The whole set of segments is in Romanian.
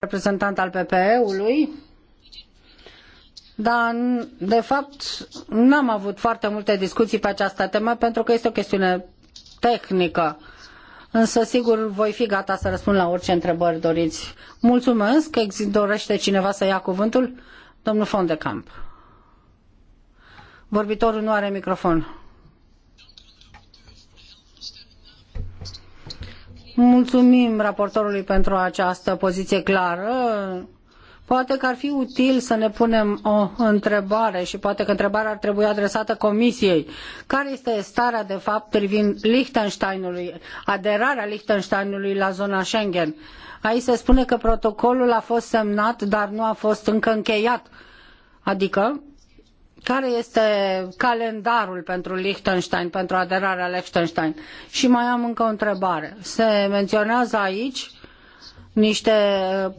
reprezentant al PPE-ului, dar de fapt n-am avut foarte multe discuții pe această temă pentru că este o chestiune tehnică. Însă sigur voi fi gata să răspund la orice întrebări doriți. Mulțumesc că dorește cineva să ia cuvântul. Domnul Fondecamp. Vorbitorul nu are microfon. Mulțumim raportorului pentru această poziție clară. Poate că ar fi util să ne punem o întrebare și poate că întrebarea ar trebui adresată Comisiei. Care este starea de fapt privind Liechtensteinului, aderarea Liechtensteinului la zona Schengen? Aici se spune că protocolul a fost semnat, dar nu a fost încă încheiat. Adică care este calendarul pentru Liechtenstein, pentru aderarea Liechtenstein? Și mai am încă o întrebare. Se menționează aici niște uh,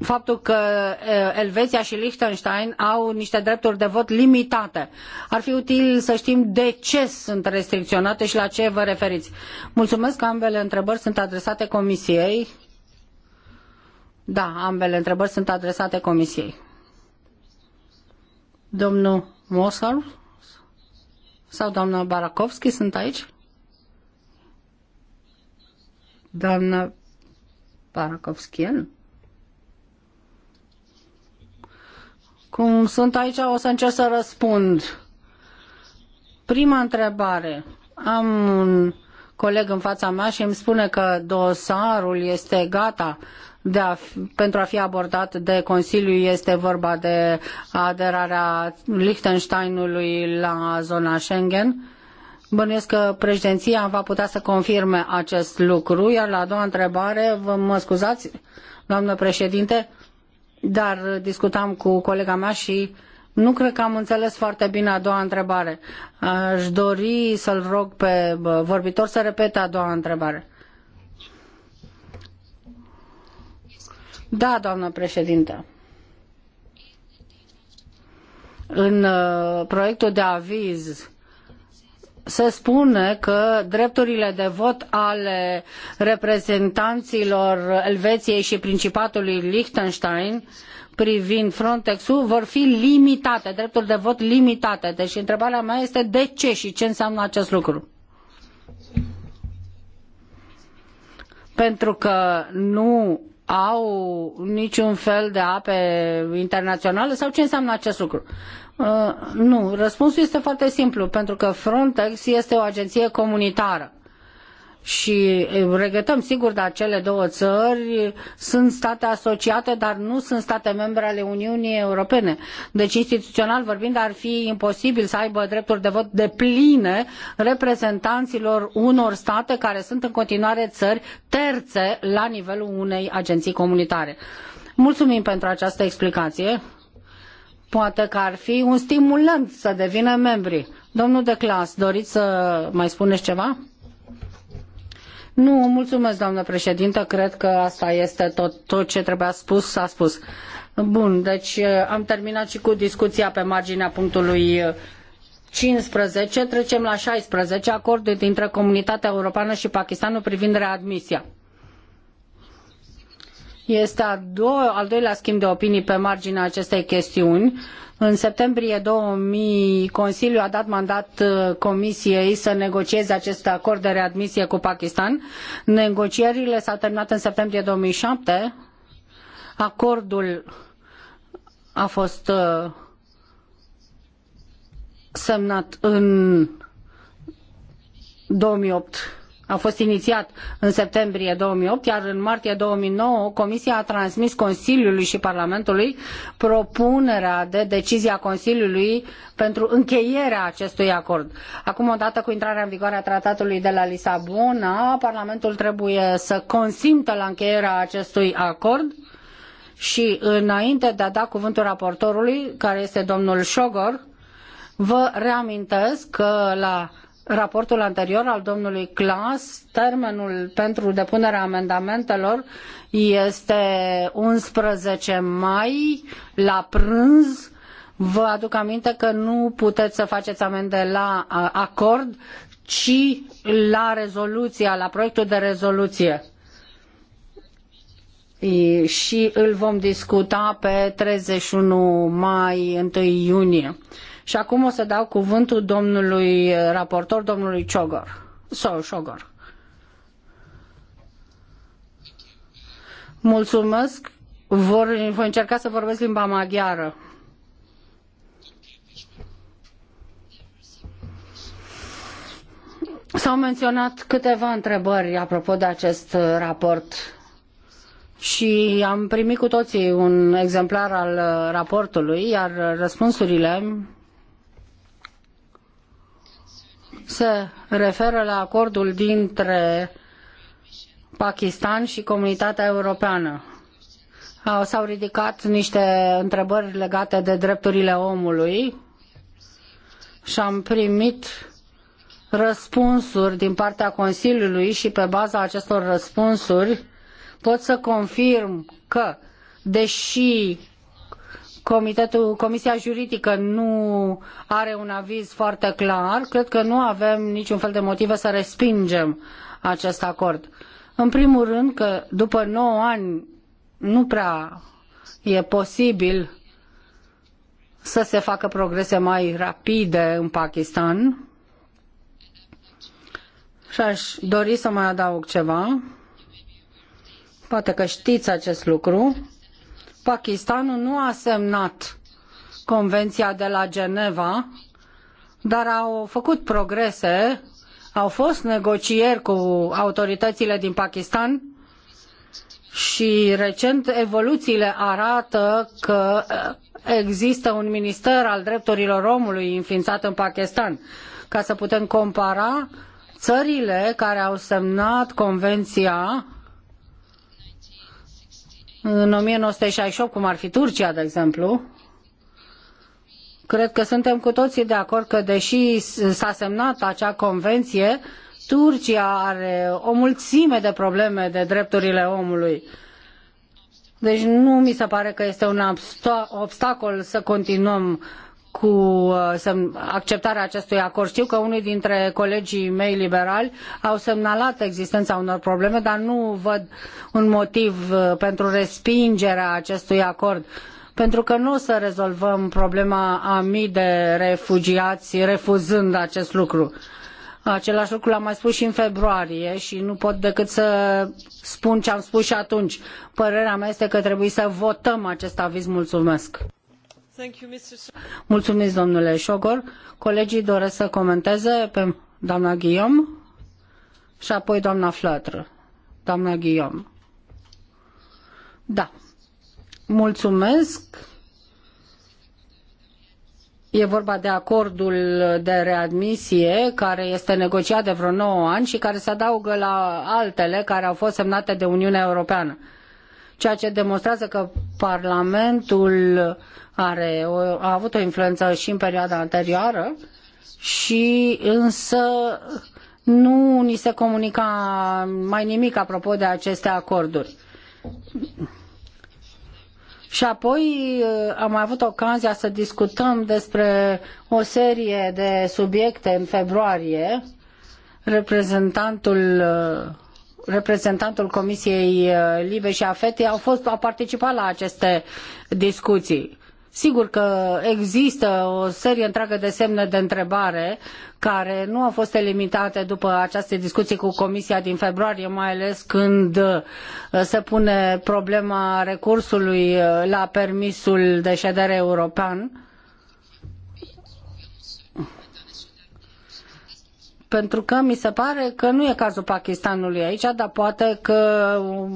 faptul că uh, Elveția și Liechtenstein au niște drepturi de vot limitate. Ar fi util să știm de ce sunt restricționate și la ce vă referiți. Mulțumesc că ambele întrebări sunt adresate Comisiei. Da, ambele întrebări sunt adresate Comisiei. Domnul Mosar sau doamna Barakovski sunt aici? Doamna Barakovskien? Cum sunt aici, o să încerc să răspund. Prima întrebare. Am un coleg în fața mea și îmi spune că dosarul este gata de a, pentru a fi abordat de Consiliu este vorba de aderarea Liechtensteinului la zona Schengen. Bănuiesc că președinția va putea să confirme acest lucru, iar la a doua întrebare, vă mă scuzați, doamnă președinte, dar discutam cu colega mea și nu cred că am înțeles foarte bine a doua întrebare. Aș dori să-l rog pe vorbitor să repete a doua întrebare. Da, doamnă președintă. În uh, proiectul de aviz se spune că drepturile de vot ale reprezentanților Elveției și Principatului Liechtenstein privind Frontex-ul vor fi limitate, drepturi de vot limitate. Deci întrebarea mea este de ce și ce înseamnă acest lucru? Pentru că nu au niciun fel de ape internaționale sau ce înseamnă acest lucru? Uh, nu, răspunsul este foarte simplu, pentru că Frontex este o agenție comunitară și regretăm sigur, dar cele două țări sunt state asociate, dar nu sunt state membre ale Uniunii Europene. Deci, instituțional vorbind, ar fi imposibil să aibă drepturi de vot de pline reprezentanților unor state care sunt în continuare țări terțe la nivelul unei agenții comunitare. Mulțumim pentru această explicație. Poate că ar fi un stimulant să devină membri. Domnul de clas, doriți să mai spuneți ceva? Nu, mulțumesc, doamnă președintă, cred că asta este tot, tot ce trebuia spus, s-a spus. Bun, deci eh, am terminat și cu discuția pe marginea punctului 15, eh, trecem la 16, acordul dintre Comunitatea Europeană și Pakistanul privind readmisia. Este al doilea schimb de opinii pe marginea acestei chestiuni în septembrie 2000, Consiliul a dat mandat uh, Comisiei să negocieze acest acord de readmisie cu Pakistan. Negocierile s-au terminat în septembrie 2007. Acordul a fost uh, semnat în 2008 a fost inițiat în septembrie 2008, iar în martie 2009 Comisia a transmis Consiliului și Parlamentului propunerea de decizie a Consiliului pentru încheierea acestui acord. Acum, odată cu intrarea în vigoare a tratatului de la Lisabona, Parlamentul trebuie să consimtă la încheierea acestui acord și înainte de a da cuvântul raportorului, care este domnul Șogor, vă reamintesc că la raportul anterior al domnului Clas, termenul pentru depunerea amendamentelor este 11 mai la prânz. Vă aduc aminte că nu puteți să faceți amende la acord, ci la rezoluția, la proiectul de rezoluție și îl vom discuta pe 31 mai, 1 iunie. Și acum o să dau cuvântul domnului eh, raportor, domnului Ciogor. Sau Ciogor. Mulțumesc. Vor, voi încerca să vorbesc limba maghiară. S-au menționat câteva întrebări apropo de acest eh, raport și am primit cu toții un exemplar al eh, raportului, iar răspunsurile se referă la acordul dintre Pakistan și comunitatea europeană. S-au ridicat niște întrebări legate de drepturile omului și am primit răspunsuri din partea Consiliului și pe baza acestor răspunsuri pot să confirm că, deși Comitetul, Comisia Juridică nu are un aviz foarte clar, cred că nu avem niciun fel de motive să respingem acest acord. În primul rând că după 9 ani nu prea e posibil să se facă progrese mai rapide în Pakistan. Și aș dori să mai adaug ceva. Poate că știți acest lucru. Pakistanul nu a semnat Convenția de la Geneva, dar au făcut progrese, au fost negocieri cu autoritățile din Pakistan și recent evoluțiile arată că există un minister al drepturilor omului înființat în Pakistan. Ca să putem compara țările care au semnat convenția în 1968, cum ar fi Turcia, de exemplu, cred că suntem cu toții de acord că, deși s-a semnat acea convenție, Turcia are o mulțime de probleme de drepturile omului. Deci nu mi se pare că este un obstacol să continuăm uh, cu uh, acceptarea acestui acord. Știu că unii dintre colegii mei liberali au semnalat existența unor probleme, dar nu văd un motiv uh, pentru respingerea acestui acord pentru că nu o să rezolvăm problema a mii de refugiați refuzând acest lucru. Același lucru l-am mai spus și în februarie și nu pot decât să spun ce am spus și atunci. Părerea mea este că trebuie să votăm acest aviz. Mulțumesc! Mulțumesc, domnule Șogor. Colegii doresc să comenteze pe doamna Guillaume și apoi doamna Flătră. Doamna Guillaume. Da. Mulțumesc. E vorba de acordul de readmisie care este negociat de vreo 9 ani și care se adaugă la altele care au fost semnate de Uniunea Europeană ceea ce demonstrează că Parlamentul are, a avut o influență și în perioada anterioară și însă nu ni se comunica mai nimic apropo de aceste acorduri. Și apoi uh, am avut ocazia să discutăm despre o serie de subiecte în februarie. Reprezentantul uh, reprezentantul Comisiei uh, Libe și Afete au fost au participat la aceste discuții. Sigur că există o serie întreagă de semne de întrebare care nu au fost eliminate după aceste discuții cu Comisia din februarie, mai ales când uh, se pune problema recursului uh, la permisul de ședere european pentru că mi se pare că nu e cazul Pakistanului aici, dar poate că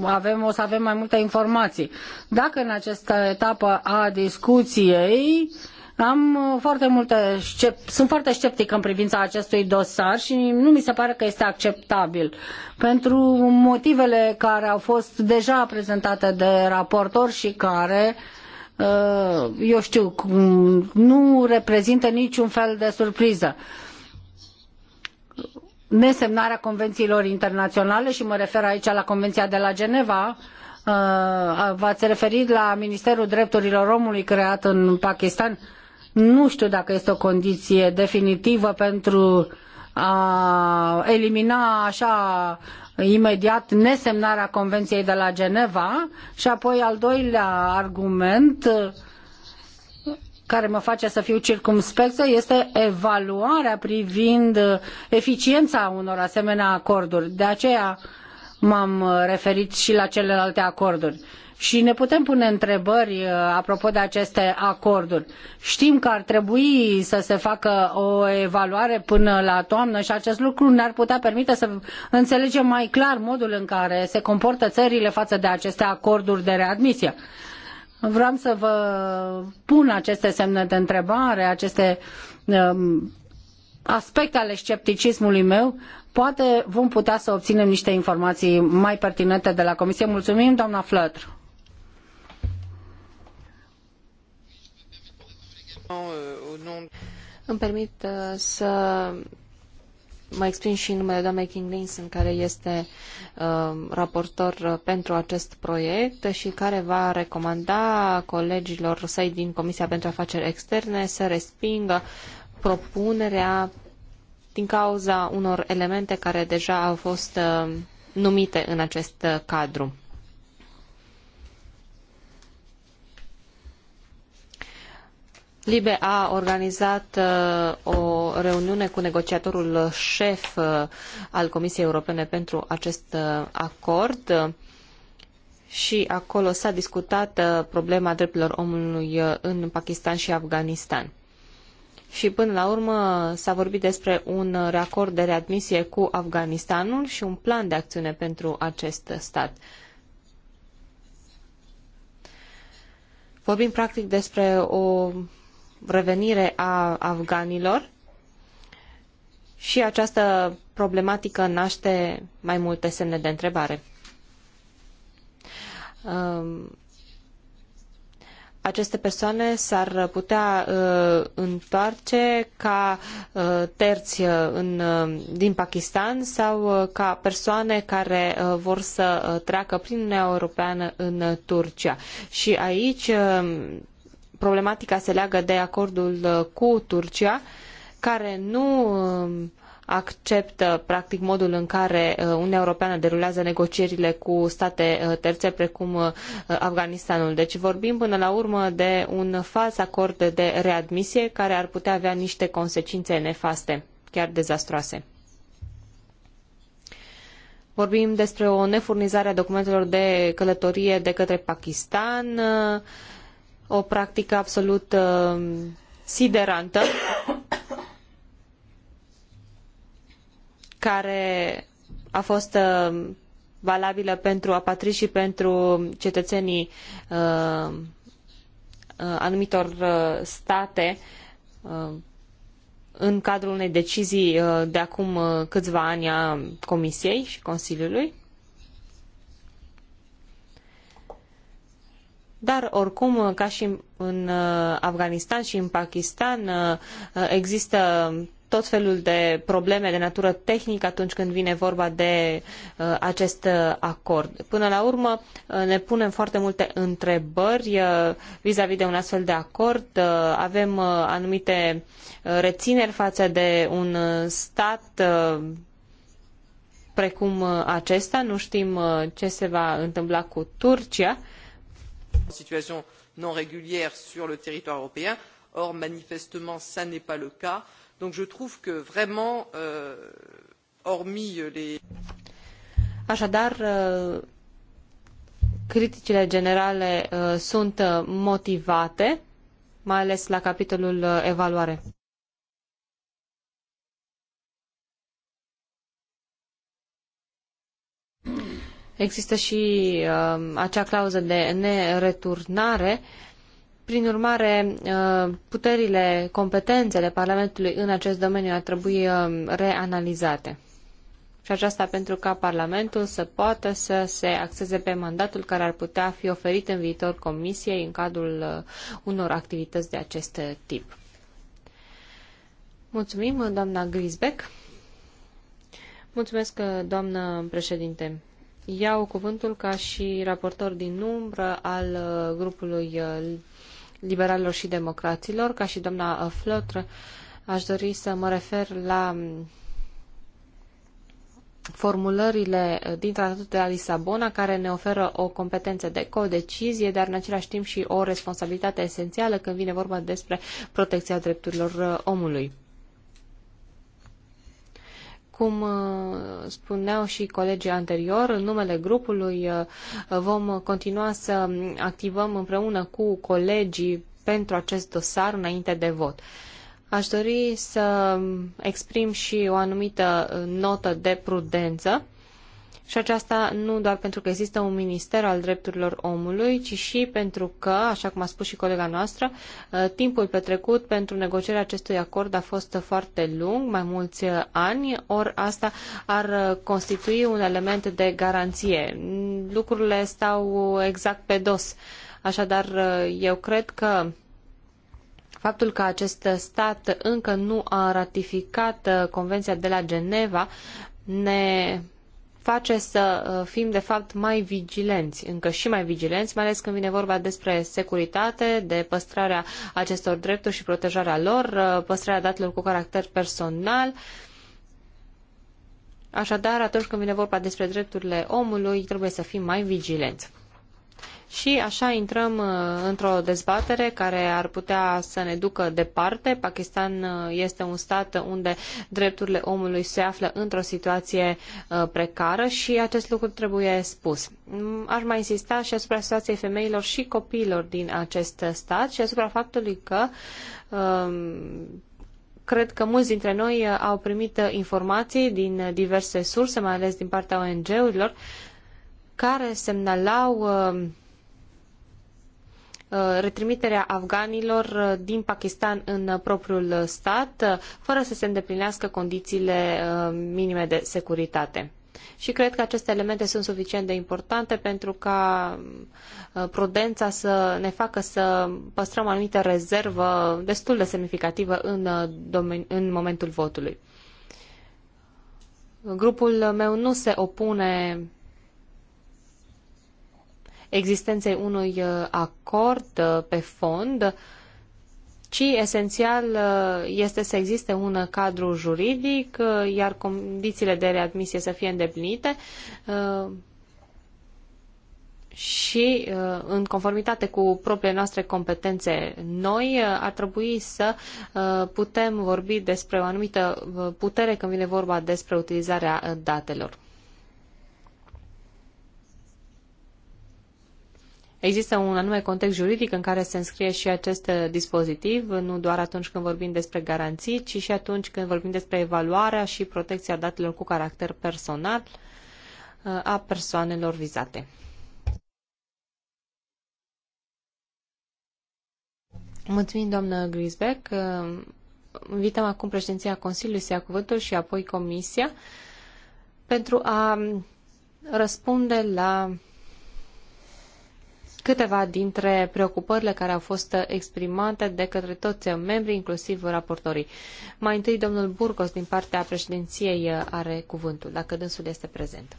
avem, o să avem mai multe informații. Dacă în această etapă a discuției am foarte multe sunt foarte sceptic în privința acestui dosar și nu mi se pare că este acceptabil pentru motivele care au fost deja prezentate de raportor și care uh, eu știu, nu reprezintă niciun fel de surpriză nesemnarea convențiilor internaționale și mă refer aici la Convenția de la Geneva, uh, v-ați referit la Ministerul Drepturilor Omului creat în Pakistan. Nu știu dacă este o condiție definitivă pentru a elimina așa imediat nesemnarea Convenției de la Geneva și apoi al doilea argument uh, care mă face să fiu circumspectă este evaluarea privind uh, eficiența unor asemenea acorduri. De aceea m-am uh, referit și la celelalte acorduri. Și ne putem pune întrebări uh, apropo de aceste acorduri. Știm că ar trebui să se facă o evaluare până la toamnă și acest lucru ne-ar putea permite să înțelegem mai clar modul în care se comportă țările față de aceste acorduri de readmisie. Vreau să vă pun aceste semne de întrebare, aceste um, aspecte ale scepticismului meu. Poate vom putea să obținem niște informații mai pertinente de la Comisie. Mulțumim, doamna Flătr. Îmi permit uh, să mă exprim și în numele doamnei King Linson, care este uh, raportor pentru acest proiect și care va recomanda colegilor săi din Comisia pentru Afaceri Externe să respingă propunerea din cauza unor elemente care deja au fost uh, numite în acest uh, cadru. Libe a organizat uh, o reuniune cu negociatorul șef uh, al Comisiei Europene pentru acest uh, acord și acolo s-a discutat uh, problema drepturilor omului în Pakistan și Afganistan. Și până la urmă s-a vorbit despre un reacord de readmisie cu Afganistanul și un plan de acțiune pentru acest stat. Vorbim practic despre o revenire a afganilor și această problematică naște mai multe semne de întrebare. Um, aceste persoane s-ar putea uh, întoarce ca uh, terți uh, în, din Pakistan sau ca persoane care vor să treacă prin Uniunea Europeană în Turcia. Și aici um, problematica se leagă de acordul cu Turcia care nu um, acceptă practic modul în care uh, Uniunea Europeană derulează negocierile cu state uh, terțe precum uh, Afganistanul. Deci vorbim până la urmă de un fals acord de readmisie care ar putea avea niște consecințe nefaste, chiar dezastroase. Vorbim despre o nefurnizare a documentelor de călătorie de către Pakistan, o practică absolut um, siderantă care a fost uh, valabilă pentru apatrizi și pentru cetățenii uh, uh, anumitor state în cadrul unei decizii de acum câțiva ani a Comisiei și Consiliului. Dar, oricum, ca și în Afganistan și în Pakistan, există tot felul de probleme de natură tehnică atunci când vine vorba de uh, acest uh, acord. Până la urmă, uh, ne punem foarte multe întrebări vizavi uh, vis-a-vis -vis de un astfel de acord. Uh, avem uh, anumite uh, rețineri față de un uh, stat. Uh, precum uh, acesta, nu știm ce se va întâmpla cu Turcia. Situation non régulière sur le territoire Or, manifestement, ça n'est pas le cas donc je trouve que vraiment euh, hormis euh, les Așadar, uh, criticile generale uh, sunt uh, motivate, mai ales la capitolul evaluare. Există și acea clauză de nereturnare uh, prin urmare, uh, puterile, competențele Parlamentului în acest domeniu ar trebui uh, reanalizate. Și aceasta pentru ca Parlamentul să poată să se axeze pe mandatul care ar putea fi oferit în viitor Comisiei în cadrul uh, unor activități de acest tip. Mulțumim, doamna Grisbeck. Mulțumesc, doamnă președinte. Iau cuvântul ca și raportor din umbră al grupului liberalilor și democraților. Ca și doamna uh, Flotr, aș dori să mă refer la mm, formulările uh, din Tratatul de la Lisabona, care ne oferă o competență de codecizie, dar în același timp și o responsabilitate esențială când vine vorba despre protecția drepturilor uh, omului. Cum uh, spuneau și colegii anterior, în numele grupului uh, vom continua să activăm împreună cu colegii pentru acest dosar înainte de vot. Aș dori să exprim și o anumită notă de prudență și aceasta nu doar pentru că există un minister al drepturilor omului, ci și pentru că, așa cum a spus și colega noastră, uh, timpul petrecut pentru negocierea acestui acord a fost foarte lung, mai mulți ani, ori asta ar constitui un element de garanție. Lucrurile stau exact pe dos. Așadar, uh, eu cred că faptul că acest stat încă nu a ratificat uh, Convenția de la Geneva ne face să uh, fim, de fapt, mai vigilenți, încă și mai vigilenți, mai ales când vine vorba despre securitate, de păstrarea acestor drepturi și protejarea lor, uh, păstrarea datelor cu caracter personal. Așadar, atunci când vine vorba despre drepturile omului, trebuie să fim mai vigilenți. Și așa intrăm uh, într-o dezbatere care ar putea să ne ducă departe. Pakistan uh, este un stat unde drepturile omului se află într-o situație uh, precară și acest lucru trebuie spus. Mm, aș mai insista și asupra situației femeilor și copiilor din acest stat și asupra faptului că um, cred că mulți dintre noi au primit informații din diverse surse, mai ales din partea ONG-urilor, care semnalau um, Uh, retrimiterea afganilor uh, din Pakistan în uh, propriul stat, fără să se îndeplinească condițiile minime de securitate. Și cred că aceste elemente sunt suficient de importante pentru ca prudența să ne facă să păstrăm o anumită rezervă destul de semnificativă în, în momentul votului. Grupul meu nu se opune existenței unui uh, acord uh, pe fond, ci esențial uh, este să existe un cadru juridic, iar condițiile de readmisie să fie îndeplinite și în conformitate cu propriile noastre competențe noi ar trebui să putem vorbi despre o anumită putere când vine vorba despre utilizarea datelor. Există un anume context juridic în care se înscrie și acest uh, dispozitiv, nu doar atunci când vorbim despre garanții, ci și atunci când vorbim despre evaluarea și protecția datelor cu caracter personal uh, a persoanelor vizate. Mulțumim, doamnă Grisbeck. Uh, invităm acum președinția Consiliului să ia cuvântul și apoi Comisia pentru a răspunde la câteva dintre preocupările care au fost exprimate de către toți membrii, inclusiv raportorii. Mai întâi, domnul Burgos, din partea președinției, are cuvântul, dacă dânsul este prezent.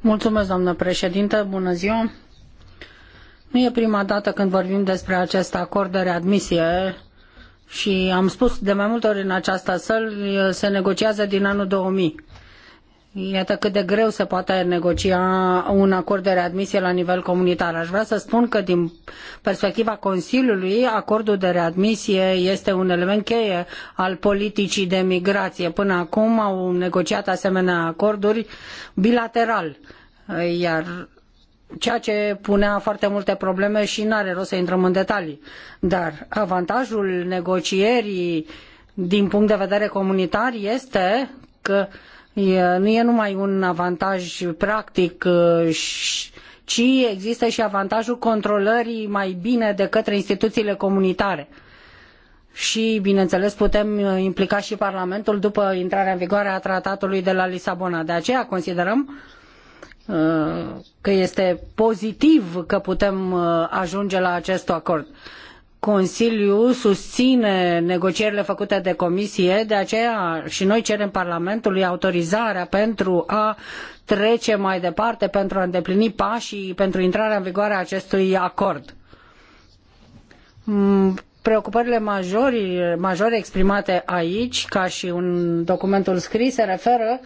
Mulțumesc, doamnă președintă, bună ziua! Nu e prima dată când vorbim despre acest acord de readmisie și am spus de mai multe ori în această sală, se negociază din anul 2000 Iată cât de greu se poate negocia un acord de readmisie la nivel comunitar. Aș vrea să spun că din perspectiva Consiliului, acordul de readmisie este un element cheie al politicii de migrație. Până acum au negociat asemenea acorduri bilateral, iar ceea ce punea foarte multe probleme și nu are rost să intrăm în detalii. Dar avantajul negocierii din punct de vedere comunitar este că nu e numai un avantaj practic, ci există și avantajul controlării mai bine de către instituțiile comunitare. Și, bineînțeles, putem implica și Parlamentul după intrarea în vigoare a tratatului de la Lisabona. De aceea considerăm că este pozitiv că putem ajunge la acest acord. Consiliul susține negocierile făcute de Comisie, de aceea și noi cerem Parlamentului autorizarea pentru a trece mai departe, pentru a îndeplini pașii pentru intrarea în vigoare a acestui acord. Mm, preocupările majori, majore exprimate aici, ca și în documentul scris, se referă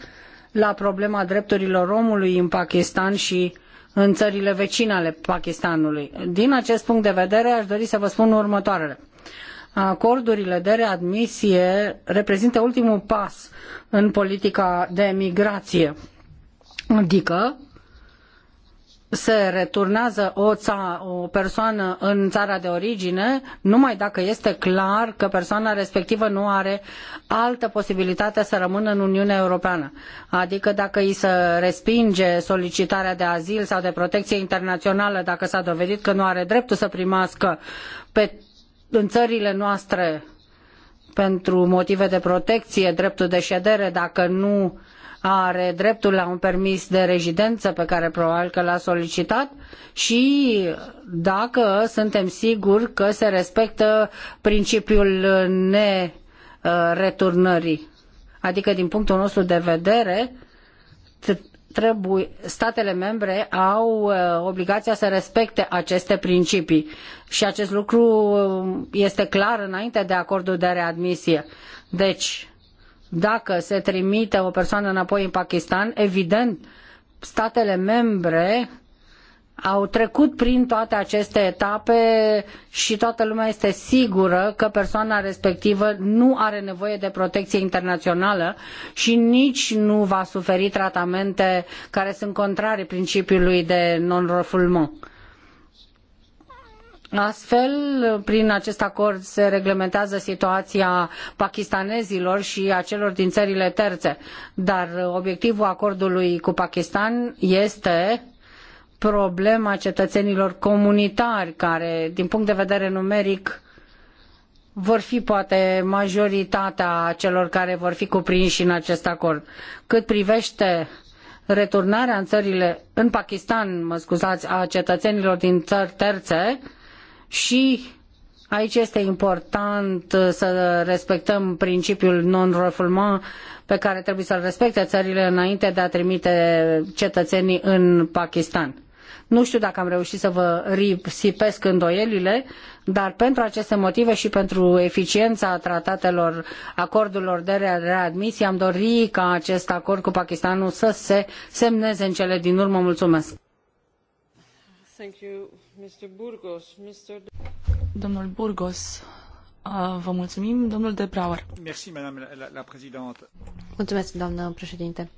la problema drepturilor omului în Pakistan și în țările vecine ale Pakistanului. Din acest punct de vedere, aș dori să vă spun următoarele. Acordurile de readmisie reprezintă ultimul pas în politica de migraie adică se returnează o, ța, o persoană în țara de origine numai dacă este clar că persoana respectivă nu are altă posibilitate să rămână în Uniunea Europeană. Adică dacă îi se respinge solicitarea de azil sau de protecție internațională dacă s-a dovedit că nu are dreptul să primească pe, în țările noastre pentru motive de protecție, dreptul de ședere, dacă nu are dreptul la un permis de rezidență pe care probabil că l-a solicitat și dacă suntem siguri că se respectă principiul nereturnării. Adică din punctul nostru de vedere trebuie, statele membre au uh, obligația să respecte aceste principii și acest lucru este clar înainte de acordul de readmisie. Deci, dacă se trimite o persoană înapoi în Pakistan, evident, statele membre au trecut prin toate aceste etape și toată lumea este sigură că persoana respectivă nu are nevoie de protecție internațională și nici nu va suferi tratamente care sunt contrare principiului de non-refoulement Astfel, prin acest acord se reglementează situația pakistanezilor și a celor din țările terțe, dar obiectivul acordului cu Pakistan este problema cetățenilor comunitari care, din punct de vedere numeric, vor fi poate majoritatea celor care vor fi cuprinși în acest acord. Cât privește returnarea în țările, în Pakistan, mă scuzați, a cetățenilor din țări terțe, și aici este important uh, să respectăm principiul non-refoulement pe care trebuie să-l respecte țările înainte de a trimite cetățenii în Pakistan. Nu știu dacă am reușit să vă risipesc îndoielile, dar pentru aceste motive și pentru eficiența tratatelor, acordurilor de readmisie, am dori ca acest acord cu Pakistanul să se semneze în cele din urmă. Mulțumesc! Thank you Domnule Burgos, vă mulțumim. Domnul De Brauer. Merci, madame la, la présidente. Mulțumesc, doamnă președinte.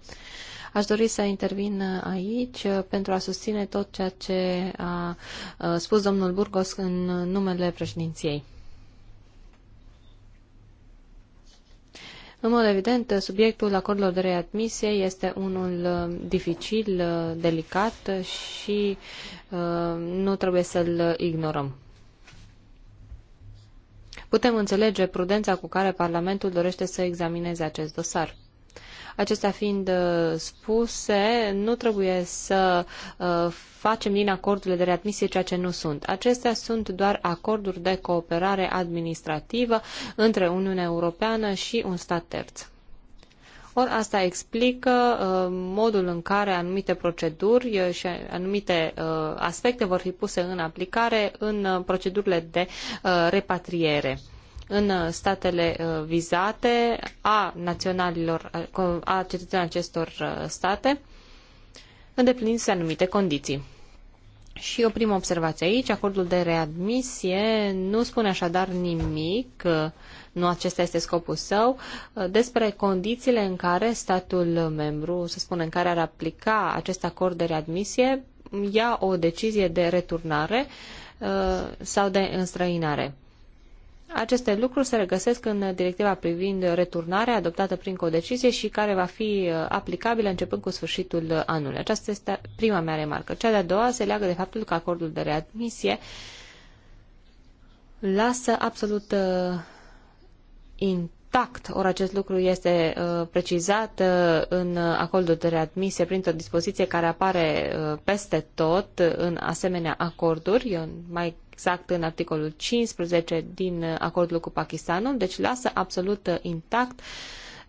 Aș dori să intervin aici pentru a susține tot ceea ce a spus domnul Burgos în numele președinției. În mod evident, subiectul acordurilor de readmisie este unul uh, dificil, uh, delicat și uh, nu trebuie să-l ignorăm. Putem înțelege prudența cu care Parlamentul dorește să examineze acest dosar. Acestea fiind uh, spuse, nu trebuie să uh, facem din acordurile de readmisie ceea ce nu sunt. Acestea sunt doar acorduri de cooperare administrativă între Uniunea Europeană și un stat terț. Or asta explică uh, modul în care anumite proceduri uh, și anumite uh, aspecte vor fi puse în aplicare în uh, procedurile de repatriere în uh, statele uh, vizate a naționalilor, uh, a cetățenilor acestor state, îndeplinindu-se anumite condiții. Și o primă observație aici, acordul de readmisie nu spune așadar nimic, nu acesta este scopul său, despre condițiile în care statul membru, să spunem, în care ar aplica acest acord de readmisie, ia o decizie de returnare sau de înstrăinare. Aceste lucruri se regăsesc în directiva privind returnarea adoptată prin codecizie și care va fi uh, aplicabilă începând cu sfârșitul anului. Aceasta este prima mea remarcă. Cea de-a doua se leagă de faptul că acordul de readmisie lasă absolut uh, intact, ori acest lucru este uh, precizat uh, în acordul de readmisie printr-o dispoziție care apare uh, peste tot în asemenea acorduri, mai exact în articolul 15 din acordul cu Pakistanul, deci lasă absolut intact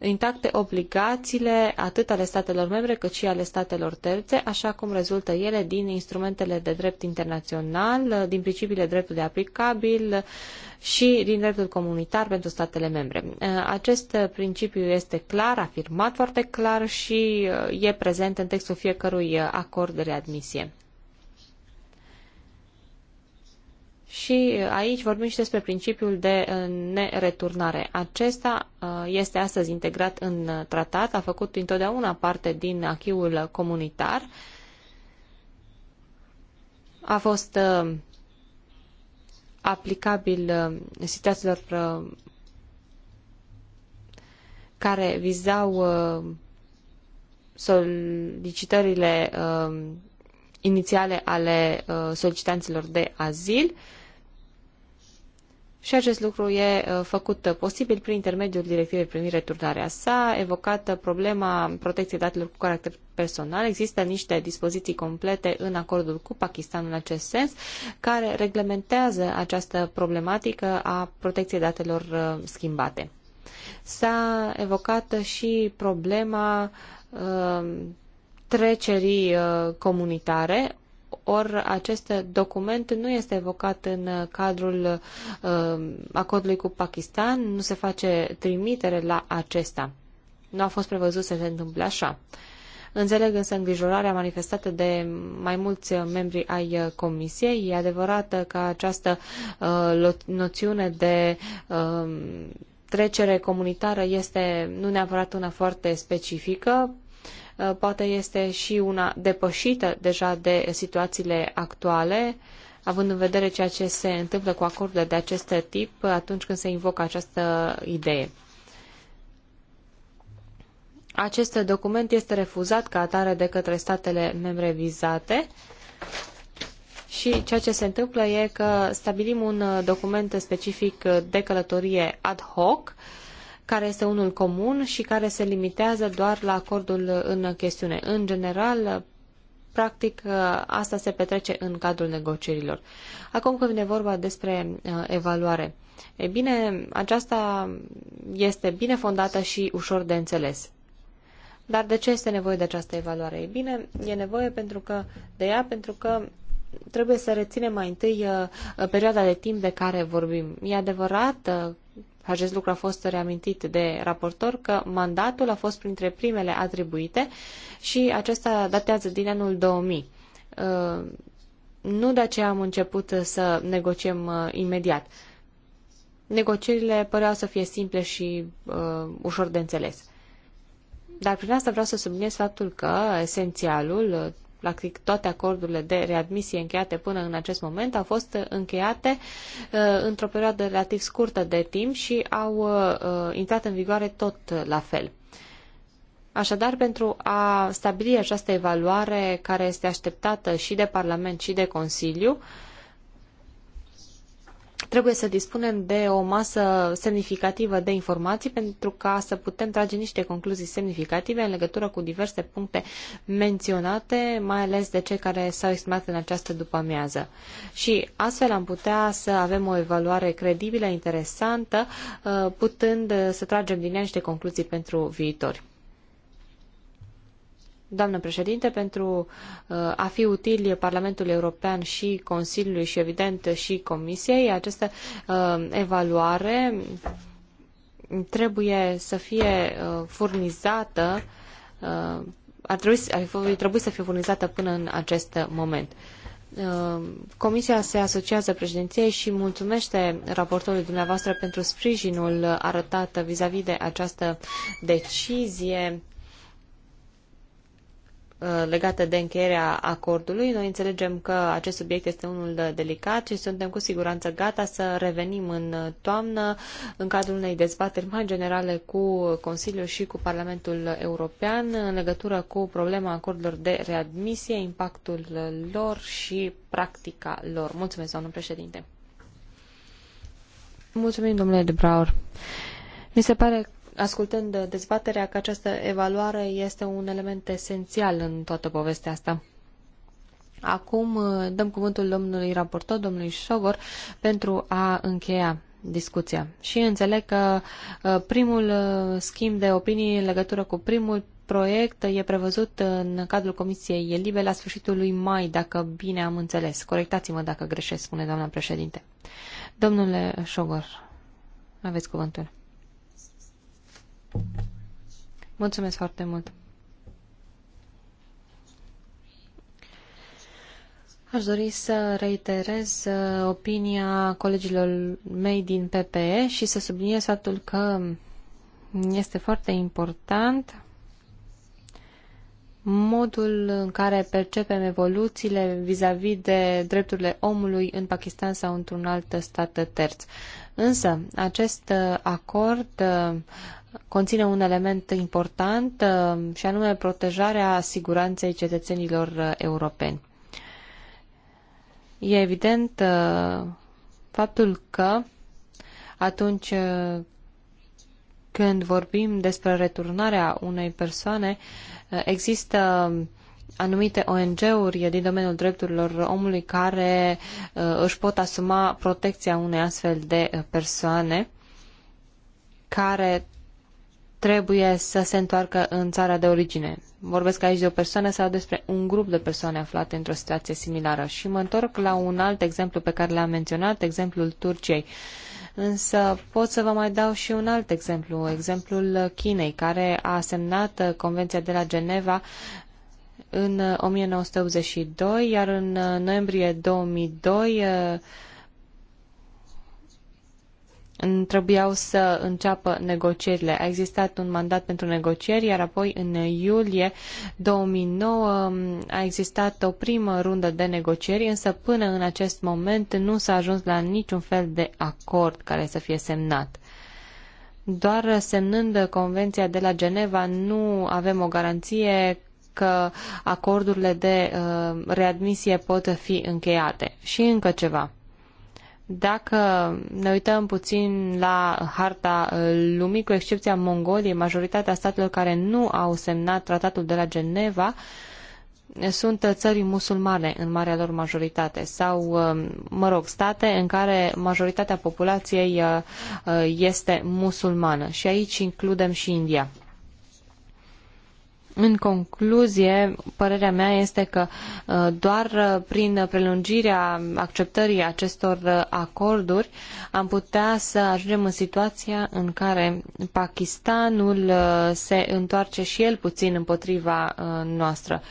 intacte obligațiile atât ale statelor membre cât și ale statelor terțe, așa cum rezultă ele din instrumentele de drept internațional, din principiile dreptului aplicabil și din dreptul comunitar pentru statele membre. Acest principiu este clar, afirmat foarte clar și e prezent în textul fiecărui acord de readmisie. Și uh, aici vorbim și despre principiul de uh, nereturnare. Acesta uh, este astăzi integrat în tratat, a făcut întotdeauna parte din achiul comunitar. A fost aplicabil situațiilor care vizau solicitările inițiale ale solicitanților de azil și acest lucru e uh, făcut uh, posibil prin intermediul directivei privind returnarea. sa, evocată problema protecției datelor cu caracter personal. Există niște dispoziții complete în acordul cu Pakistan în acest sens, care reglementează această problematică a protecției datelor uh, schimbate. S-a evocat și problema trecerii comunitare, Or, acest document nu este evocat în cadrul uh, acordului cu Pakistan, nu se face trimitere la acesta. Nu a fost prevăzut să se întâmple așa. Înțeleg însă îngrijorarea manifestată de mai mulți membri ai Comisiei. E adevărat că această uh, noțiune de uh, trecere comunitară este nu neapărat una foarte specifică, Uh, poate este și una depășită deja de situațiile actuale, având în vedere ceea ce se întâmplă cu acordurile de acest tip atunci când se invocă această idee. Acest document este refuzat ca atare de către statele membre vizate și ceea ce se întâmplă e că stabilim un document specific de călătorie ad hoc care este unul comun și care se limitează doar la acordul în chestiune. În general, practic, asta se petrece în cadrul negocierilor. Acum când vine vorba despre uh, evaluare, e bine, aceasta este bine fondată și ușor de înțeles. Dar de ce este nevoie de această evaluare? E bine, e nevoie pentru că, de ea pentru că trebuie să reținem mai întâi uh, perioada de timp de care vorbim. E adevărat uh, acest lucru a fost reamintit de raportor, că mandatul a fost printre primele atribuite și acesta datează din anul 2000. Uh, nu de aceea am început să negociem uh, imediat. Negocierile păreau să fie simple și uh, ușor de înțeles. Dar prin asta vreau să subliniez faptul că esențialul, practic toate acordurile de readmisie încheiate până în acest moment au fost uh, încheiate uh, într-o perioadă relativ scurtă de timp și au uh, uh, intrat în vigoare tot la fel. Așadar, pentru a stabili această evaluare care este așteptată și de Parlament și de Consiliu, uh, trebuie să dispunem de o masă semnificativă de informații pentru ca să putem trage niște concluzii semnificative în legătură cu diverse puncte menționate, mai ales de cei care s-au exprimat în această după-amiază. Și astfel am putea să avem o evaluare credibilă, interesantă, uh, putând să tragem din ea niște concluzii pentru viitor. Doamnă președinte, pentru uh, a fi util Parlamentului European și Consiliului și, evident, și Comisiei, această uh, evaluare trebuie să fie uh, furnizată, ar trebui, ar trebui să fie furnizată până în acest moment. Comisia se asociază președinției și mulțumește raportorului dumneavoastră pentru sprijinul arătat vis a -vis de această decizie Uh, legată de încheierea acordului. Noi înțelegem că acest subiect este unul delicat și suntem cu siguranță gata să revenim în toamnă în cadrul unei dezbateri mai generale cu Consiliul și cu Parlamentul European în legătură cu problema acordurilor de readmisie, impactul lor și practica lor. Mulțumesc, domnul președinte. Mulțumim, domnule Debraur! Mi se pare ascultând dezbaterea că această evaluare este un element esențial în toată povestea asta. Acum uh, dăm cuvântul domnului raportor, domnului Șogor, pentru a încheia discuția. Și înțeleg că uh, primul uh, schimb de opinii în legătură cu primul proiect e prevăzut în cadrul Comisiei Elibe la sfârșitul lui mai, dacă bine am înțeles. Corectați-mă dacă greșesc, spune doamna președinte. Domnule Șogor, aveți cuvântul. Mulțumesc foarte mult. Aș dori să reiterez uh, opinia colegilor mei din PPE și să subliniez faptul că este foarte important modul în care percepem evoluțiile vis-a-vis -vis de drepturile omului în Pakistan sau într-un alt stat terț. Însă, acest uh, acord uh, conține un element important uh, și anume protejarea siguranței cetățenilor uh, europeni. E evident uh, faptul că atunci când vorbim despre returnarea unei persoane, există anumite ONG-uri din domeniul drepturilor omului care își pot asuma protecția unei astfel de persoane care trebuie să se întoarcă în țara de origine. Vorbesc aici de o persoană sau despre un grup de persoane aflate într-o situație similară. Și mă întorc la un alt exemplu pe care l-am menționat, exemplul Turciei. Însă pot să vă mai dau și un alt exemplu, exemplul Chinei, care a semnat Convenția de la Geneva în 1982, iar în noiembrie 2002 trebuiau să înceapă negocierile. A existat un mandat pentru negocieri, iar apoi în iulie 2009 a existat o primă rundă de negocieri, însă până în acest moment nu s-a ajuns la niciun fel de acord care să fie semnat. Doar semnând Convenția de la Geneva nu avem o garanție că acordurile de uh, readmisie pot fi încheiate. Și încă ceva. Dacă ne uităm puțin la harta uh, lumii, cu excepția Mongoliei, majoritatea statelor care nu au semnat tratatul de la Geneva uh, sunt uh, țări musulmane în marea lor majoritate sau, mă rog, state în care majoritatea populației este musulmană și aici includem și India. În concluzie, părerea mea este că uh, doar uh, prin prelungirea acceptării acestor uh, acorduri am putea să ajungem în situația în care Pakistanul se întoarce și el puțin împotriva noastră.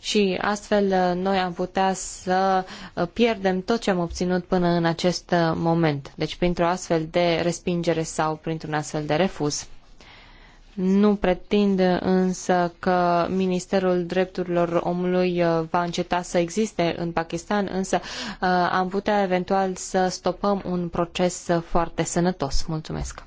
Și astfel noi am putea să pierdem tot ce am obținut până în acest moment. Deci printr-o astfel de respingere sau printr-un astfel de refuz. Nu pretind însă că Ministerul Drepturilor Omului uh, va înceta să existe în Pakistan, însă uh, am putea eventual să stopăm un proces uh, foarte sănătos. Mulțumesc!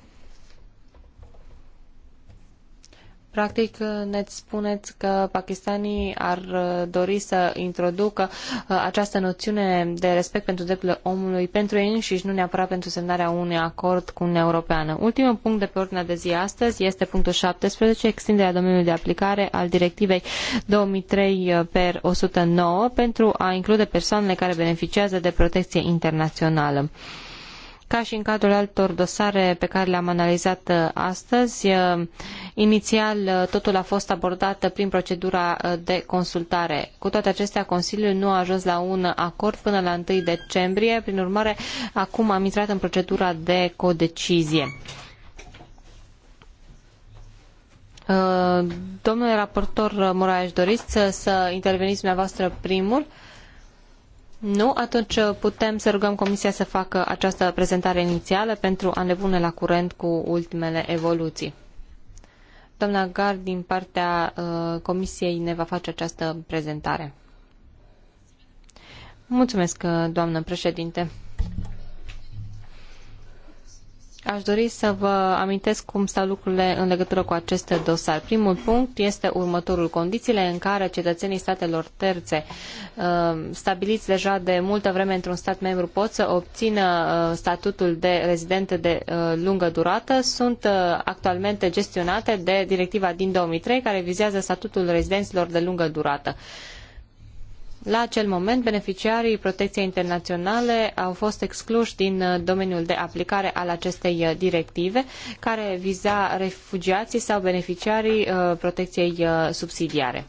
Practic, ne spuneți că pakistanii ar uh, dori să introducă uh, această noțiune de respect pentru drepturile omului pentru ei înșiși, nu neapărat pentru semnarea unui acord cu Uniunea Europeană. Ultimul punct de pe ordinea de zi astăzi este punctul 17, extinderea domeniului de aplicare al directivei 2003 uh, per 109 pentru a include persoanele care beneficiază de protecție internațională. Ca și în cadrul altor dosare pe care le-am analizat uh, astăzi, uh, inițial uh, totul a fost abordat prin procedura de consultare. Cu toate acestea, Consiliul nu a ajuns la un acord până la 1 decembrie, prin urmare, acum am intrat în procedura de codecizie. Domnule raportor Moraes, doriți să, să interveniți dumneavoastră primul? Nu? Atunci uh, putem să rugăm Comisia să facă această prezentare inițială pentru a ne pune la curent cu ultimele evoluții. Doamna Gard, din partea uh, Comisiei, ne va face această prezentare. Mulțumesc, uh, doamnă președinte. Aș dori să vă amintesc cum stau lucrurile în legătură cu acest dosar. Primul punct este următorul. Condițiile în care cetățenii statelor terțe uh, stabiliți deja de multă vreme într-un stat membru pot să obțină uh, statutul de rezident de uh, lungă durată sunt actualmente gestionate de directiva din 2003 care vizează statutul rezidenților de lungă durată. La acel moment, beneficiarii protecției internaționale au fost excluși din uh, domeniul de aplicare al acestei uh, directive, care viza refugiații sau beneficiarii uh, protecției subsidiare.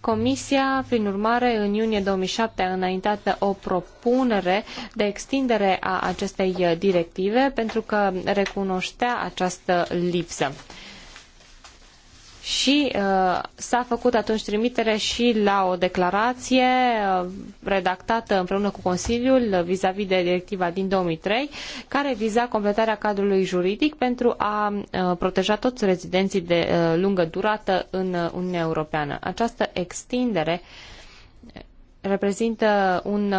Comisia, prin urmare, în iunie 2007 a înaintat o propunere de extindere a acestei directive pentru că recunoștea această lipsă și uh, s-a făcut atunci trimitere și la o declarație uh, redactată împreună cu Consiliul uh, vis-a-vis de directiva din 2003, care viza completarea cadrului juridic pentru a uh, proteja toți rezidenții de uh, lungă durată în uh, Uniunea Europeană. Această extindere reprezintă un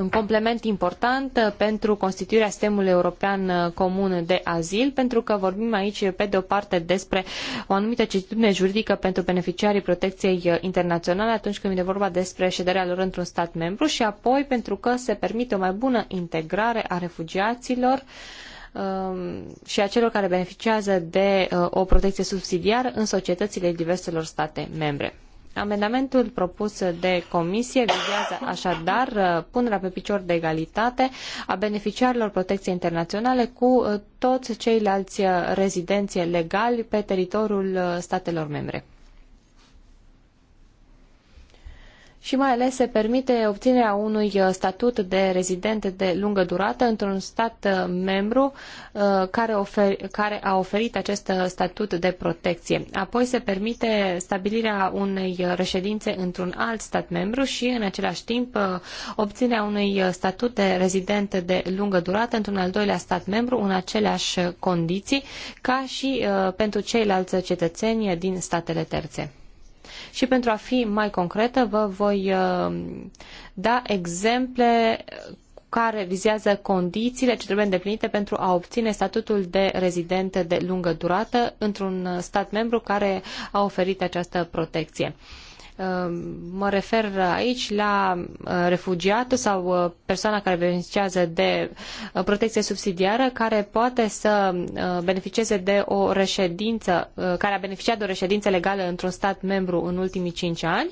un complement important uh, pentru constituirea sistemului european uh, comun de azil, pentru că vorbim aici, pe de o parte, despre o anumită certitudine juridică pentru beneficiarii protecției uh, internaționale atunci când vine vorba despre șederea lor într-un stat membru și apoi pentru că se permite o mai bună integrare a refugiaților um, și a celor care beneficiază de o protecție subsidiară în societățile diverselor state membre. Amendamentul propus de comisie vizează așadar uh, punerea pe picior de egalitate a beneficiarilor protecției internaționale cu uh, toți ceilalți uh, rezidenți legali pe teritoriul statelor membre. și mai ales se permite obținerea unui uh, statut de rezident de lungă durată într-un stat uh, membru uh, care, care a oferit acest statut de protecție. Apoi se permite stabilirea unei reședințe într-un alt stat membru și în același timp obținerea unui statut de rezident de lungă durată într-un al doilea stat membru în aceleași condiții ca și pentru ceilalți cetățeni din statele terțe. Și pentru a fi mai concretă, vă voi uh, da exemple care vizează condițiile ce trebuie îndeplinite pentru a obține statutul de rezident de lungă durată într-un stat membru care a oferit această protecție. Ehm, mă refer aici la eh, refugiatul sau eh, persoana care beneficiază de eh, protecție subsidiară, care poate să beneficieze de o reședință, care a beneficiat de o reședință legală într-un stat membru în ultimii cinci ani,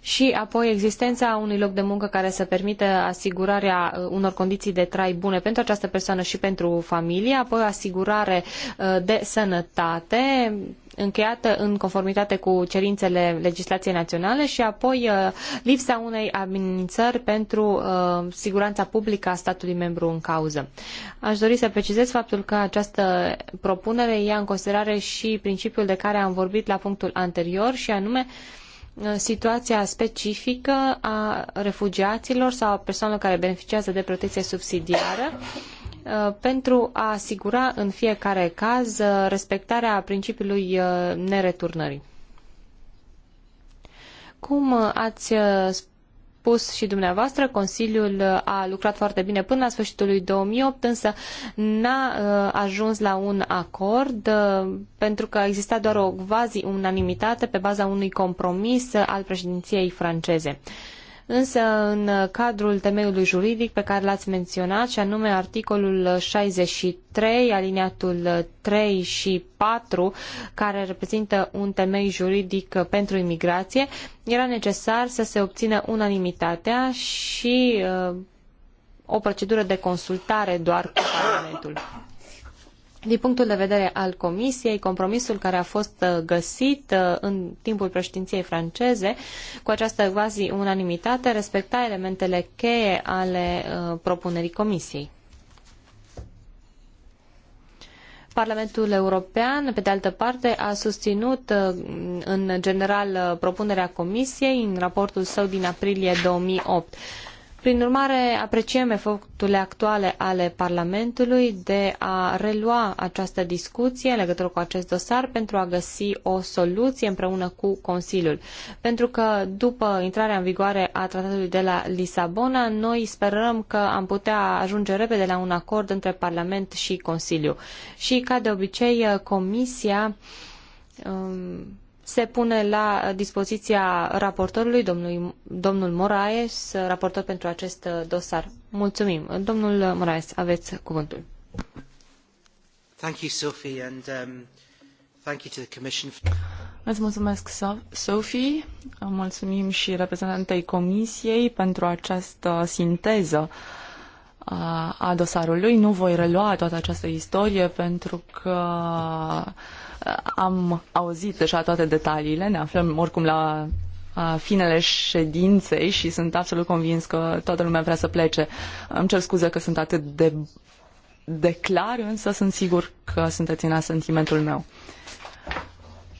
și apoi existența unui loc de muncă care să permită asigurarea uh, unor condiții de trai bune pentru această persoană și pentru familie, apoi asigurare uh, de sănătate încheiată în conformitate cu cerințele legislației naționale și apoi uh, lipsa unei amenințări pentru siguranța publică a statului membru în cauză. Aș dori să precizez faptul că această propunere ia în considerare și principiul de care am vorbit la punctul anterior și anume situația specifică a refugiaților sau a persoanelor care beneficiază de protecție subsidiară uh, pentru a asigura în fiecare caz uh, respectarea principiului uh, nereturnării. Cum ați spus și dumneavoastră, Consiliul a lucrat foarte bine până la sfârșitul lui 2008, însă n-a uh, ajuns la un acord uh, pentru că exista doar o quasi unanimitate pe baza unui compromis al președinției franceze însă în cadrul temeiului juridic pe care l-ați menționat, și anume articolul 63, aliniatul 3 și 4, care reprezintă un temei juridic pentru imigrație, era necesar să se obțină unanimitatea și uh, o procedură de consultare doar cu Parlamentul. Din punctul de vedere al Comisiei, compromisul care a fost uh, găsit uh, în timpul președinției franceze, cu această quasi unanimitate, respecta elementele cheie ale uh, propunerii Comisiei. Parlamentul European, pe de altă parte, a susținut în general propunerea Comisiei în raportul său din aprilie 2008. Prin urmare, apreciem eforturile actuale ale Parlamentului de a relua această discuție în legătură cu acest dosar pentru a găsi o soluție împreună cu Consiliul. Pentru că după intrarea în vigoare a tratatului de la Lisabona, noi sperăm că am putea ajunge repede la un acord între Parlament și Consiliu. Și, ca de obicei, Comisia um, se pune la dispoziția raportorului, domnului, domnul Moraes, raportor pentru acest dosar. Mulțumim. Domnul Moraes, aveți cuvântul. Thank you, Sophie, and um, thank you to the Commission. Îți mulțumesc, Sophie. Mulțumim și reprezentantei Comisiei pentru această sinteză uh, a dosarului. Nu voi relua toată această istorie pentru că am auzit deja toate detaliile, ne aflăm oricum la finele ședinței și sunt absolut convins că toată lumea vrea să plece. Îmi cer scuze că sunt atât de, de clar, însă sunt sigur că sunteți în asentimentul meu.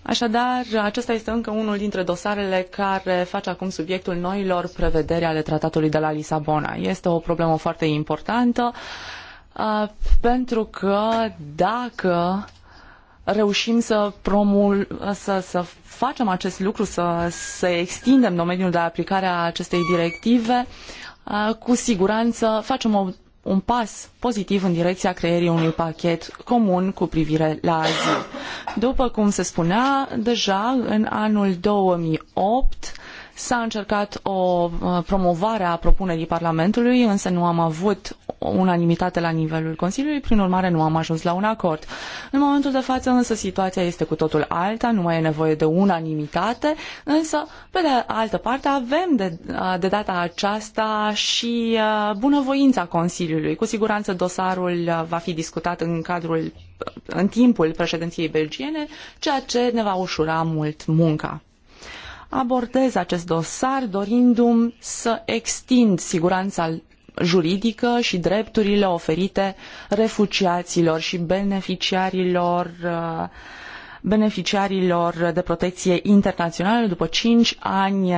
Așadar, acesta este încă unul dintre dosarele care face acum subiectul noilor prevederi ale tratatului de la Lisabona. Este o problemă foarte importantă pentru că dacă reușim să, promul, să, să facem acest lucru, să, să extindem domeniul de aplicare a acestei directive, cu siguranță facem o, un pas pozitiv în direcția creierii unui pachet comun cu privire la azil. După cum se spunea, deja în anul 2008 s-a încercat o promovare a propunerii Parlamentului, însă nu am avut unanimitate la nivelul Consiliului, prin urmare nu am ajuns la un acord. În momentul de față însă situația este cu totul alta, nu mai e nevoie de unanimitate, însă pe de altă parte avem de, de data aceasta și uh, bunăvoința Consiliului. Cu siguranță dosarul uh, va fi discutat în cadrul uh, în timpul președinției belgiene, ceea ce ne va ușura mult munca abordez acest dosar dorindu-mi să extind siguranța juridică și drepturile oferite refugiaților și beneficiarilor uh, beneficiarilor de protecție internațională după cinci ani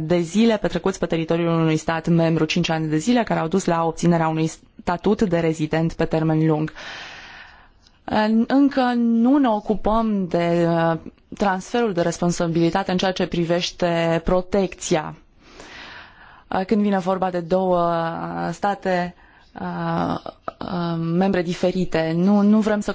de zile petrecuți pe teritoriul unui stat membru, cinci ani de zile care au dus la obținerea unui statut de rezident pe termen lung. Încă nu ne ocupăm de uh, transferul de responsabilitate în ceea ce privește protecția când vine vorba de două state membre diferite. Nu, nu vrem să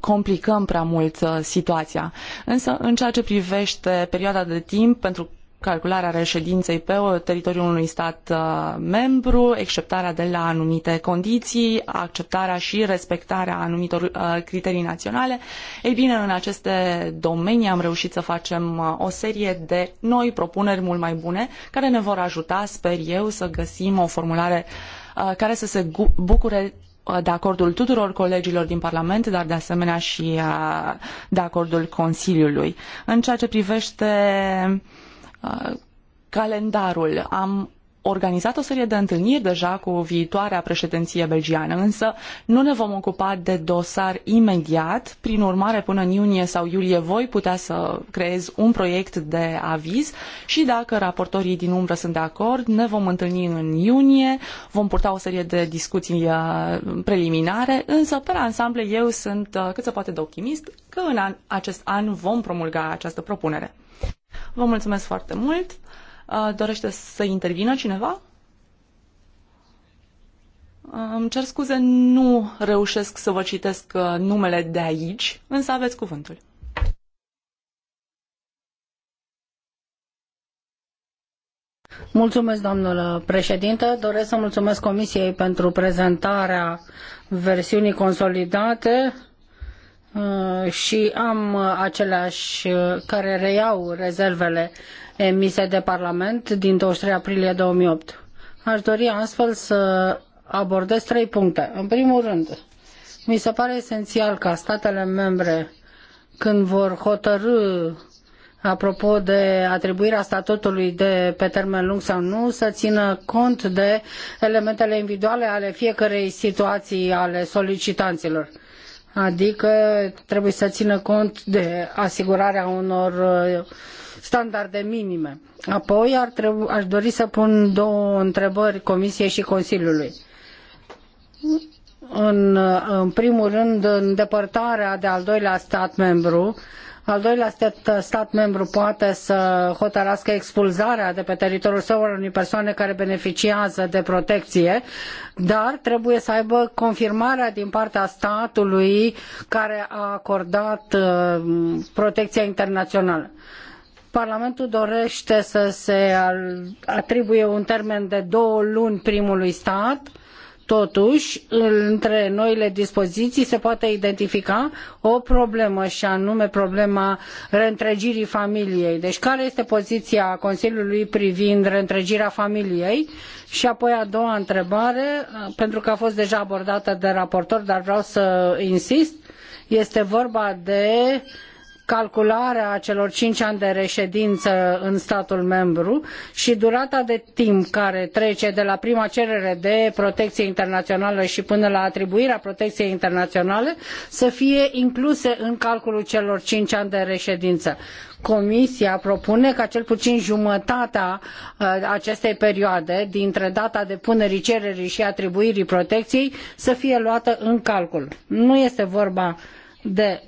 complicăm prea mult situația. Însă, în ceea ce privește perioada de timp pentru calcularea reședinței pe teritoriul unui stat uh, membru, exceptarea de la anumite condiții, acceptarea și respectarea anumitor uh, criterii naționale. Ei bine, în aceste domenii am reușit să facem uh, o serie de noi propuneri mult mai bune, care ne vor ajuta, sper eu, să găsim o formulare care să se bucure de acordul tuturor colegilor din Parlament, dar de asemenea și de acordul Consiliului. În ceea ce privește calendarul. Am organizat o serie de întâlniri deja cu viitoarea președinție belgiană, însă nu ne vom ocupa de dosar imediat. Prin urmare, până în iunie sau iulie voi putea să creez un proiect de aviz și dacă raportorii din umbră sunt de acord, ne vom întâlni în iunie, vom purta o serie de discuții uh, preliminare, însă pe ansamblu eu sunt uh, cât se poate de optimist că în an, acest an vom promulga această propunere. Vă mulțumesc foarte mult. Dorește să intervină cineva? Îmi cer scuze, nu reușesc să vă citesc numele de aici, însă aveți cuvântul. Mulțumesc, doamnă președintă. Doresc să mulțumesc Comisiei pentru prezentarea versiunii consolidate Uh, și am uh, aceleași uh, care reiau rezervele emise de Parlament din 23 aprilie 2008. Aș dori astfel să abordez trei puncte. În primul rând, mi se pare esențial ca statele membre, când vor hotărâ apropo de atribuirea statutului de pe termen lung sau nu, să țină cont de elementele individuale ale fiecărei situații ale solicitanților adică trebuie să țină cont de asigurarea unor uh, standarde minime. Apoi ar trebu- aș dori să pun două întrebări Comisiei și Consiliului. În, uh, în primul rând, îndepărtarea de al doilea stat membru al doilea stat, stat membru poate să hotărască expulzarea de pe teritoriul său al unei persoane care beneficiază de protecție, dar trebuie să aibă confirmarea din partea statului care a acordat uh, protecția internațională. Parlamentul dorește să se atribuie un termen de două luni primului stat uh, Totuși, între noile dispoziții se poate identifica o problemă și anume problema reîntregirii familiei. Deci care este poziția Consiliului privind reîntregirea familiei? Și apoi a doua întrebare, pentru că a fost deja abordată de raportor, dar vreau să insist, este vorba de uh, calcularea celor cinci ani de reședință în statul membru și durata de timp care trece de la prima cerere de protecție internațională și până la atribuirea protecției internaționale să fie incluse în calculul celor cinci ani de reședință. Comisia propune ca cel puțin jumătatea uh, acestei perioade, dintre data depunerii cererii și atribuirii protecției, să fie luată în calcul. Nu este vorba de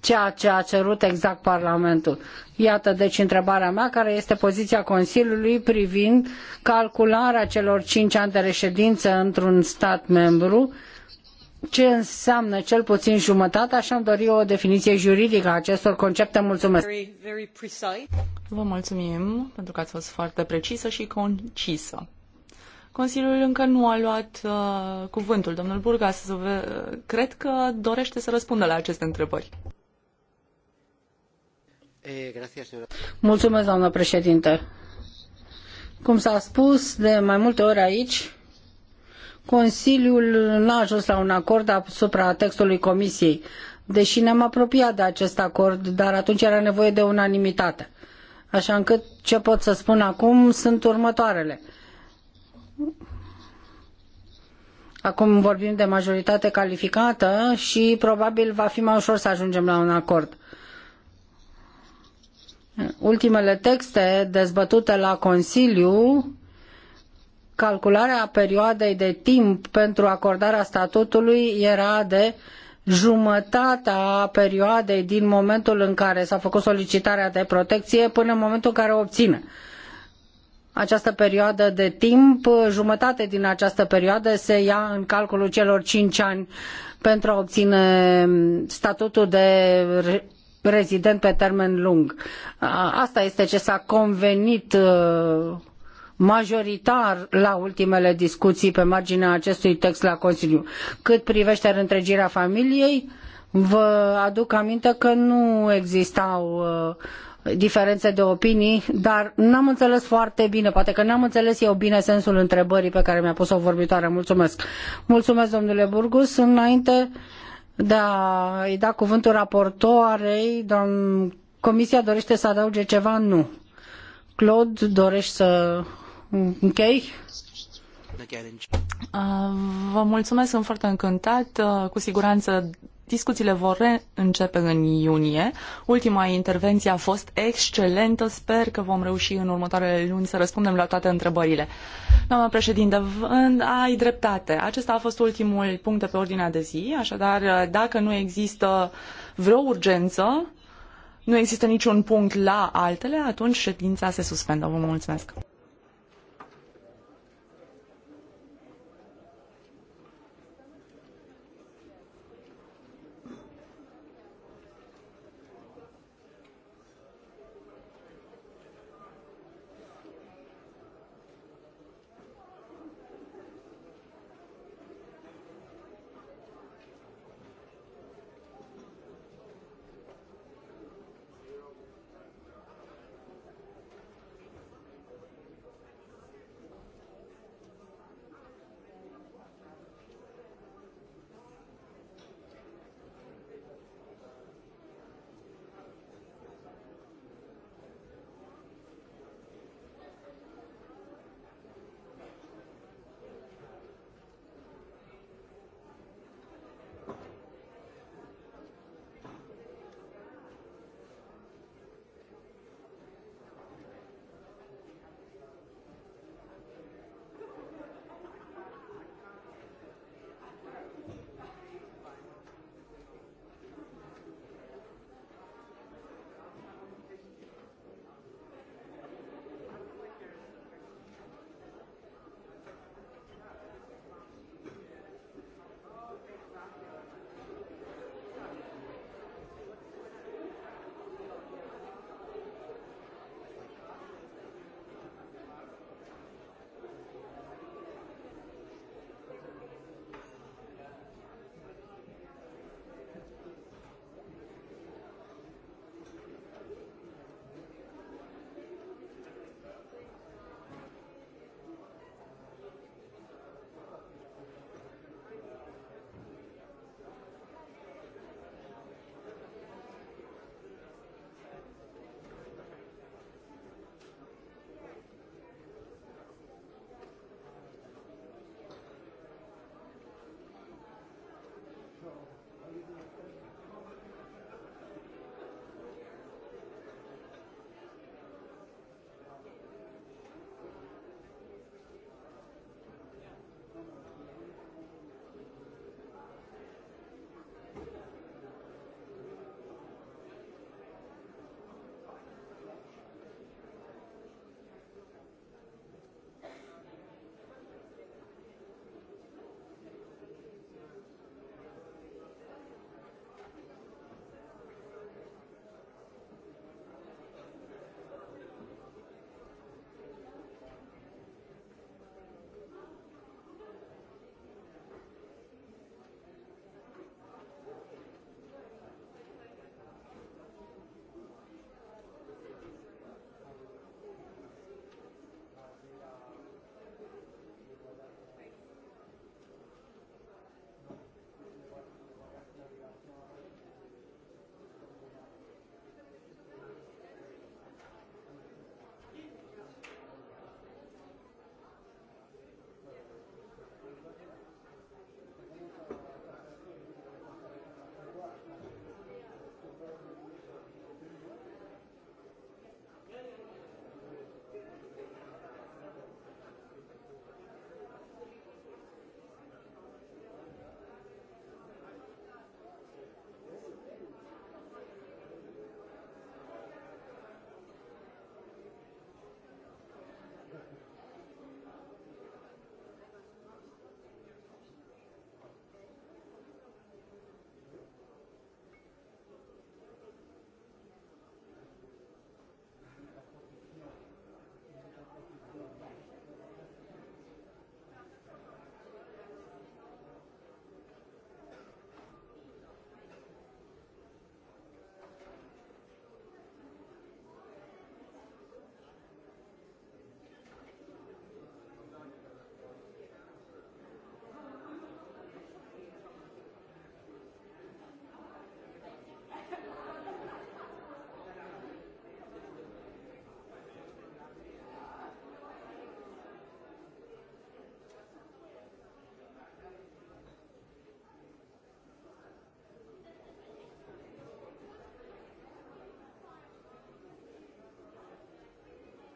ceea ce a cerut exact Parlamentul. Iată deci întrebarea mea, care este poziția Consiliului privind calcularea celor cinci ani de reședință într-un stat membru, ce înseamnă cel puțin jumătate Așa am dori o definiție juridică a acestor concepte. Mulțumesc! Vă mulțumim pentru că ați fost foarte precisă și concisă. Consiliul încă nu a luat uh, cuvântul. Domnul Burgas, cred că dorește să răspundă la aceste întrebări doamnă președintă. Cum s-a spus de mai multe ori aici, Consiliul n-a ajuns la un acord asupra textului Comisiei, deși ne-am apropiat de acest acord, dar atunci era nevoie de unanimitate. Așa încât ce pot să spun acum sunt următoarele. Acum vorbim de majoritate calificată și probabil va fi mai ușor să ajungem la un acord ultimele texte dezbătute la Consiliu calcularea perioadei de timp pentru acordarea statutului era de jumătatea perioadei din momentul în care s-a făcut solicitarea de protecție până în momentul în care o obține. Această perioadă de timp, jumătate din această perioadă se ia în calculul celor cinci ani pentru a obține statutul de prezident pe termen lung. Asta este ce s-a convenit uh, majoritar la ultimele discuții pe marginea acestui text la Consiliu. Cât privește întregirea familiei, vă aduc aminte că nu existau uh, diferențe de opinii, dar n-am înțeles foarte bine, poate că n-am înțeles eu bine sensul întrebării pe care mi-a pus-o vorbitoare. Mulțumesc. Mulțumesc, domnule Burgus. Înainte da, a da cuvântul raportoarei, doamn, comisia dorește să adauge ceva? Nu. Claude, dorești să închei? Uh, vă mulțumesc, sunt foarte încântat. Uh, cu siguranță Discuțiile vor reîncepe în iunie. Ultima intervenție a fost excelentă. Sper că vom reuși în următoarele luni să răspundem la toate întrebările. Doamna președinte, ai dreptate. Acesta a fost ultimul punct de pe ordinea de zi, așadar dacă nu există vreo urgență, nu există niciun punct la altele, atunci ședința se suspendă. Vă mulțumesc!